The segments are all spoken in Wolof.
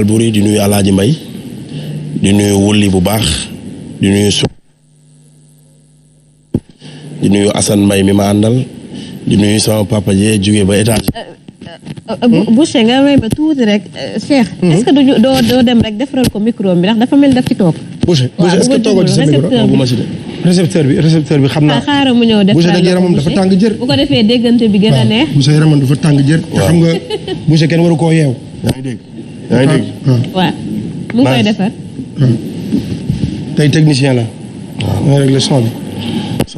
Alboury di nuyu Alaaji Mbay di nuyu Wulli bu baax di nuyu su di nuyu Mbay mi ma àndal di nuyu sama papa jee jóge ba étage euh, euh, Boucher nga may ma tuuti rek euh, Cheikh. Hmm? est-ce que duñu doo doo ko micro bi dafa mel daf ci toog. Boucher bi récepteur bi xam naa. Ah, xaaral mu ñëw defaral dafa tàng jër. bu ko defee déggante bi gën a neex. Boucher yaramam dafa tàng jër. te xam nga kenn waru koo yeew. yaa ngi dégg. mu hmm. ngi koy defar. Hmm. tey technicien la. waaw mooy régler son bi.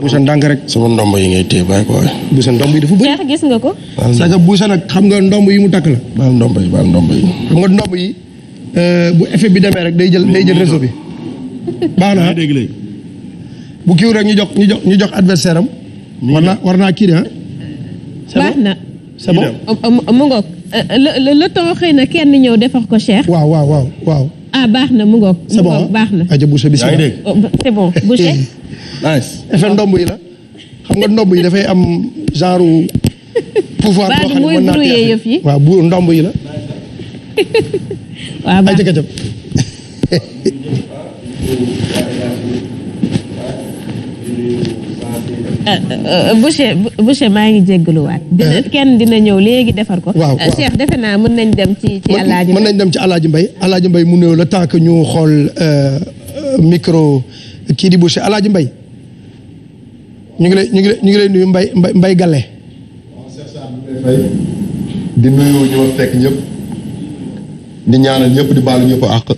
buusa ndànk rek. sama ndomb yi ngay téye bàyyi ko waaye. buusa ndomb yi dafa bëri. Cheikh gis nga ko. c'est que yi mu takk la. baal ndomb yi baal ndomb yi. xam nga ndomb euh, bu effet bi demee rek day jël day jël réseau bi. baax na bu kiiw rek ñu jox ñu jox ñu jox adversaire am. war naa war naa kii ah. baax na. c'est bon mu ngoog euh, euh, le temps xëy na kenn ñëw defar ko cher. waaw waaw waaw waaw. ah baax na mu ngoog. c'est baax na. aja boucher bi oh, c'est bon boucher. nice eh, effet ndomb yi la xam nga ndomb yi dafay am genre pouvoir boo xam ne ndomb yi la. waaw baax Boucher euh, euh, Boucher maa ngi jéggaluwaat. Eh? dina kenn dina ñëw léegi defar ko. waaw euh, waaw Cheikh defe naa mën nañ dem ci ci Mbay mën nañ dem ci Alaaji Mbay Alaaji Mbay mu néew la temps que ñu xool micro kii di Boucher Alaaji Mbay ñu ngi lay ñu ngi lay ñu ngi lay nuyu Mbay Mbay Galle. di nuyu ñu fekk ñëpp di ñaanal ñëpp di baalu ñëpp àq.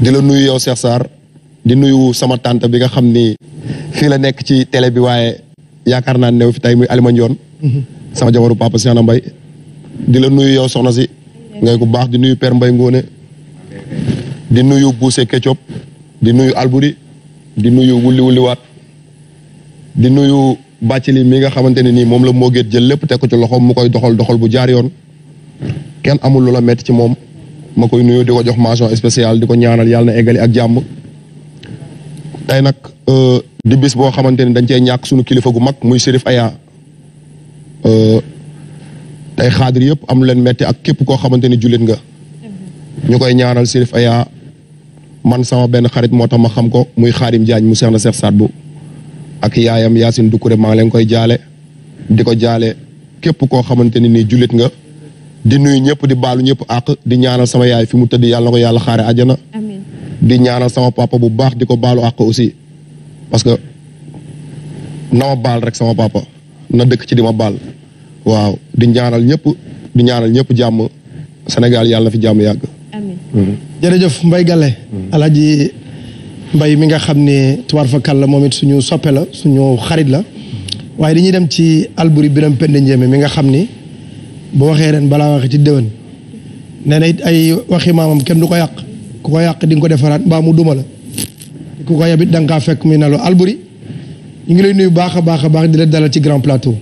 di la nuyu yow Cheikh Sarr di nuyu sama tànt bi nga xam ni. fii la nekk ci télé bi waaye yaakaar naa new fi tey muy Alima Ndione sama jabaru papa si Mbaye di la nuyu yow soxna si ngay ku baax di nuyu per mbay ngoone di nuyu Bousse Ketchup di nuyu Albouri di nuyu wulli wulliwaat di nuyu bàccili mi nga xamante ne nii moom la moo géet jël lépp teg ko ci loxoom mu koy doxal doxal bu jaar yoon kenn amul lu la metti ci moom ma koy nuyu di ko jox mention di ko ñaanal yàlla na eggali ak jàmm tey nag euh, di bis boo xamante ne dañ cee ñàkk suñu kilifa gu mag muy Chérif Aya ay euh, xaadir yëpp am leen metti ak képp koo xamante ni jullit nga ñu koy ñaanal Chérif man sama benn xarit moo tax ma xam ko muy Xaadim Diagne mu seex na seex Sadbu ak yaayam Yacine Doucouré maa ngi leen koy jaale di ko jaale képp koo xamante ni nii jullit nga di nuyu ñëpp di baalu ñëpp àq di ñaanal sama yaay fi mu tëdd yàlla ko yàlla xaare àjjana di ñaanal sama papa bu baax di ko baalu àq aussi parce que na ma baal rek sama papa na dëkk ci di ma baal waaw di ñaanal ñëpp di ñaanal ñëpp jàmm Sénégal yàlla na fi jàmm yàgg. amiin mm-hmm. jërëjëf Mbaye Galle. Mm-hmm. Alaaji Mbaye mi nga xam ne tubaar fa kàll moom it suñu soppee la suñu xarit la mm-hmm. waaye dañuy dem ci Alboury biram Penda Ndiémé mi nga xam ni boo waxee ren balaa waxee ci déwén nee na it ay waxi maamam kenn du ko yàq ku ko yàq di nga ko defaraat mbaa mu duma la. ku ko yabit da nga fekk muy nelaw Alboury ñu ngi lay nuyu baax a baax a baax di la dalal ci Grand Plateau.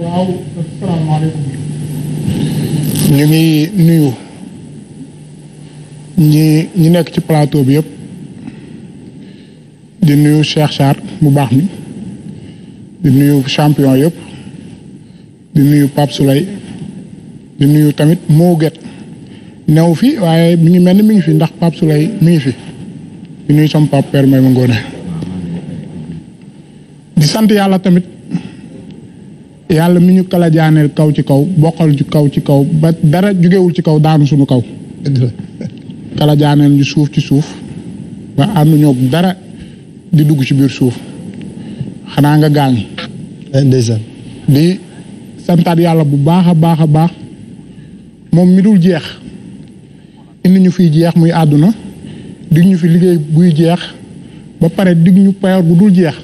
waaw asalaamaaleykum. ñu ngi nuyu ñi ñi nekk ci plateau bi yëpp di nuyu Cheikh Sarr bu baax mi di nuyu champion yëpp di nuyu Pape Souley di nuyu tamit Mo Gates new fi waaye mi ngi mel ni mu ngi fi ndax Pape Souley mi ngi fi. di nuyu sama papa père sant yàlla tamit yàlla mi ñu kala kaw ci kaw bokkal ci kaw ci kaw ba dara jugewul ci kaw daanu sunu kaw kala jaaneel ñu suuf ci suuf ba ànduñoo dara di dugg ci biir suuf xanaa nga gaañ eh, ndeysaan di santaat yàlla bu baax a baax a baax moom mi dul jeex indi ñu fiy jeex muy àdduna dig ñu fi liggéey buy jeex ba pare digg ñu payoor bu dul jeex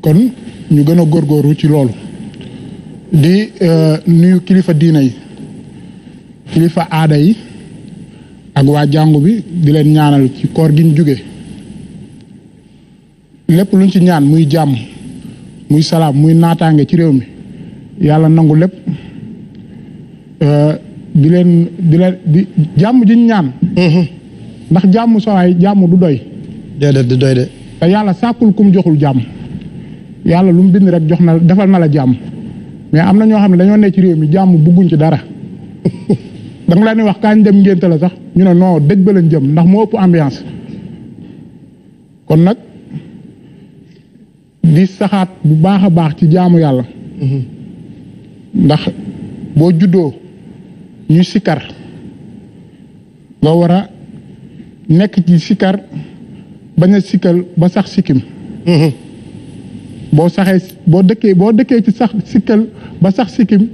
kon ñu gën a góorgóorlu ci loolu di euh, nuyu kilifa diina yi kilifa aada yi ak waa jàngu bi di leen ñaanal ci koor gi jóge lépp luñ ci ñaan muy jàmm muy salaam muy naataange ci réew mi yàlla nangu lépp euh, di leen di leen di jàmm ji ñaan mm-hmm. ndax jàmm sawaay jàmm du doy. déedéet du doy de. te yàlla sàkkul kum joxul jàmm yàlla lu mu bind rek jox na defal na la jàmm mais am na ñoo xam ne dañoo ne ci réew mi jàmm bugguñ ci dara danga la ni wax kañ dem ngénte la sax ñu ne non dëj ba lañ jëm ndax moo ëpp ambiance kon nag di saxaat bu baax a baax ci jaamu yàlla. Mm-hmm. ndax boo juddoo ñu sikkar nga war nekk ci sikar bañ a ba sax sikkim mm-hmm. boo saxee boo dëkkee boo dëkkee ci sax sikkal ba sax sikkim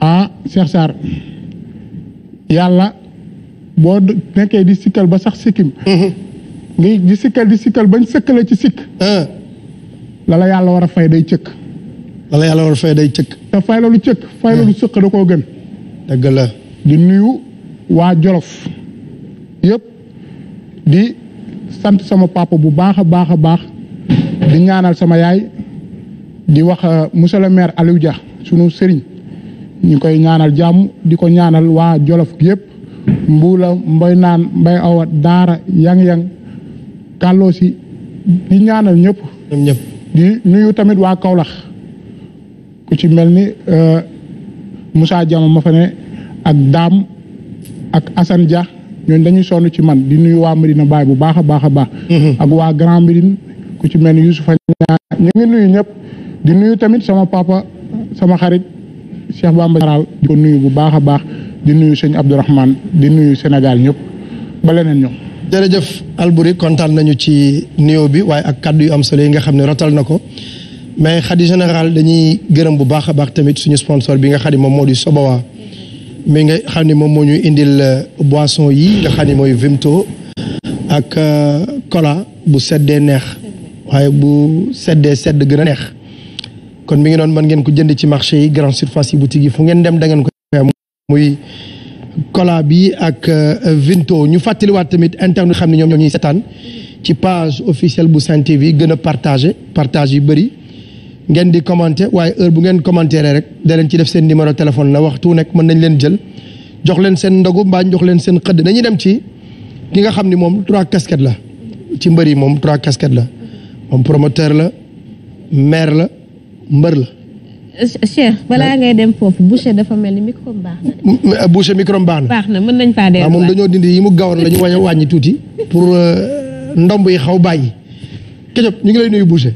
ah Cheikh Sarr yàlla boo nekkee di sikkal ba sax sikkim mm-hmm. ngay di sikkal di sikkal bañ sëkkale ci sikk lala ah. yàlla war a fay day cëkk lala yàlla war a fay day cëkk te fay loolu cëkk fay loolu sëkk koo gën dëgg la di nuyu waa Jolof yëpp di sant sama papa bu baax a baax a baax di ñaanal sama yaay di wax euh, monsieur le maire Aliou Dia sunu sëriñ ñu koy ñaanal jàmm di ko ñaanal waa Jolof yëpp mbuula mbay naan mbay awa daara yang-yang kàlloo si di ñaanal ñëpp di nuyu tamit waa kawlax ku ci mel ni euh, Moussa Diama ma fa ne ak daam ak Assane Dia ñooñu dañuy sonn ci man di nuyu waa Medina Baye bu baax a baax a baax. Mm-hmm. ak waa Grand Médine ku ci mel ni Youssoupha ñu ngi nuyu ñëpp di nuyu tamit sama papa sama xarit Cheikh Bamba Diaral di nuyu bu baax a baax di nuyu sëñ Abdourahmane di nuyu Sénégal ñëpp ba leneen ñoom. jërëjëf Alboury kontaan nañu ci nuyoo bi waaye ak kàddu yu am solo yi nga xam ne rotal na ko mais xadi général dañuy gërëm bu baax a baax tamit suñu sponsor bi nga xam ne moom moo di Sobowa mi nga xam ni moom moo ñu indil euh, boisson yi nga xam ne mooy vinto ak euh, kola bu seddee neex waaye bu seddee sedd gën a neex kon mi ngi doon mën ngeen ko jënd ci marché yi grand surface yi boutique yi fu ngeen dem da ngeen ko muy kola bi ak euh, Vimto ñu fàttaliwaat tamit internet xam ne ñoom ñoo ñuy seetaan ci page officielle bu Sen TV gën a partagé partage yu bëri ngeen di commenté waaye heure bu ngeen commenté rek daleen ci def seen numéro téléphone la waxtu nekk mën nañ leen jël jox leen seen ndogu mbaa jox leen seen xëdd dañuy dem ci ki nga xam ni moom trois casquettes la ci mbër yi moom trois casquettes la moom promoteur la maire la mbër la. Cheikh balaa ngay dem foofu boucher dafa mel ni micro baax na. boucher micro na. baax na mën nañ faa delluwaat moom dañoo dindi yi mu gawoon la ñu wàññi tuuti pour euh, ndomb yi xaw bàyyi. Ketchup ñu ngi lay nuyu boucher.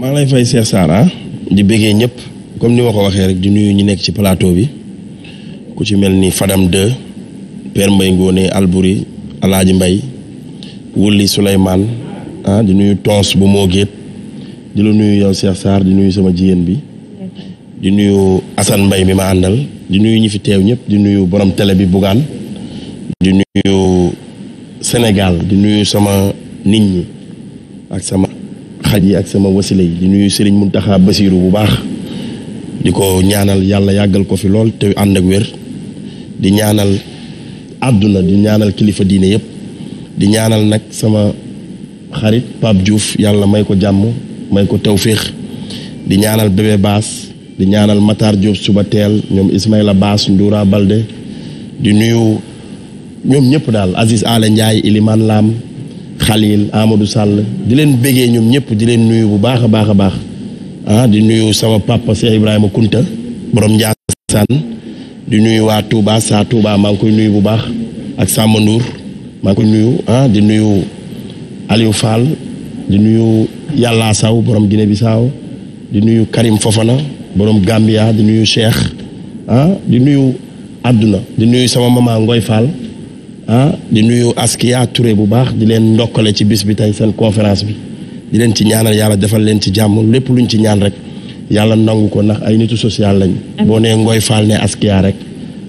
waaw maa ngi lay fay Cheikh ah. di bëggee ñëpp comme ni ma ko waxee rek di nuyu ñu nekk ci plateau bi ku ci mel ni Fadam 2 Père Mbaye Ngoné Albouri Alaaji Mbay Wulli Souleymane ah di nuyu Tons bu moo géet di la nuyu yow Cheikh Sarr di nuyu sama jigéen bi di nuyu Assane Mbay mi ma àndal di nuyu ñi fi teew ñëpp di nuyu borom tele bi Bougane di nuyu Sénégal di nuyu sama nit ñi ak sama xaj yi ak sama wasila di nuyu Serigne Mountakha Bassirou bu baax di ko ñaanal yàlla yàggal ko fi lool te ànd ak wér ñaanal àdduna di ñaanal kilifa diine yëpp di ñaanal nag sama xarit Pape Diouf yàlla may ko jàmm may ko tawféex di ñaanal bébé baas di ñaanal Matar Diop suba teel ñoom Ismaïla Baas Ndoura di nuyu ñoom ñëpp daal Aziz Ala Ndiaye Iliman Lam Khalil Amadou Sall di leen bégee ñoom ñëpp di leen nuyu bu baax a baax a baax ah di nuyu sama papa Cheikh Ibrahima Kunta boroom Ndiassane di nuyu waa Touba saa Touba maa ngi koy nuyu bu baax ak Samba Ndour maa ngi koy nuyu ah di nuyu Aliou Fall di nuyu Yàlla Saw borom Guinée Bissau di nuyu Karim Fofana boroom Gambia di nuyu Cheikh ah di nuyu àdduna di nuyu sama mama Ngoy Fall. ah di nuyu Askia Touré bu baax di leen ndokkale ci bis bi tey seen conférence bi di leen ci ñaanal yàlla defal leen ci jàmm lépp luñ ci ñaan rek yàlla nangu ko nax ay nitu social lañ boo nee ngooy Fall ne Askia rek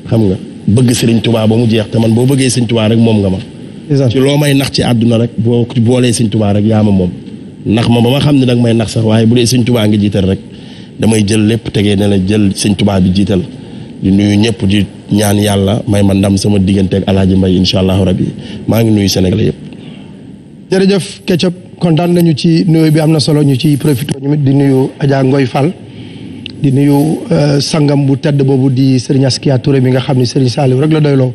xam nga bëgg Serigne Touba ba mu jeex te man boo bëggee Serigne Touba rek moom nga ma ci loo may nax ci àdduna rek boo boolee Serigne rek yaa ma moom ndax ba ma xam ne nag may nax sax waaye bu dee Serigne Touba ngi jiital rek damay jël lépp tegee ne la jël Serigne Touba bi jiital di nuyu ñëpp di ñaan yàlla may ma ndam sama digganteeg alaaji mbay incha allahu rabi maa ngi nuyu sénégalais yëpp jërëjëf Ketchup kontaan nañu ci nuyu bi am na solo ñu ci profité ñu di nuyu Adja Ngoy Fall di nuyu euh, sangam bu tedd boobu di Serigne Askia Touré bi nga xam ne Serigne Saliou rek la doyloo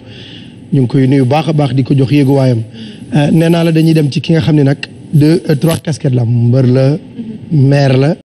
ñu ngi koy nuyu baax a baax di ko jox yéeguwaayam euh, nee naa la dañuy dem ci ki nga xam ni nag deux euh, trois casquettes la mbër la maire la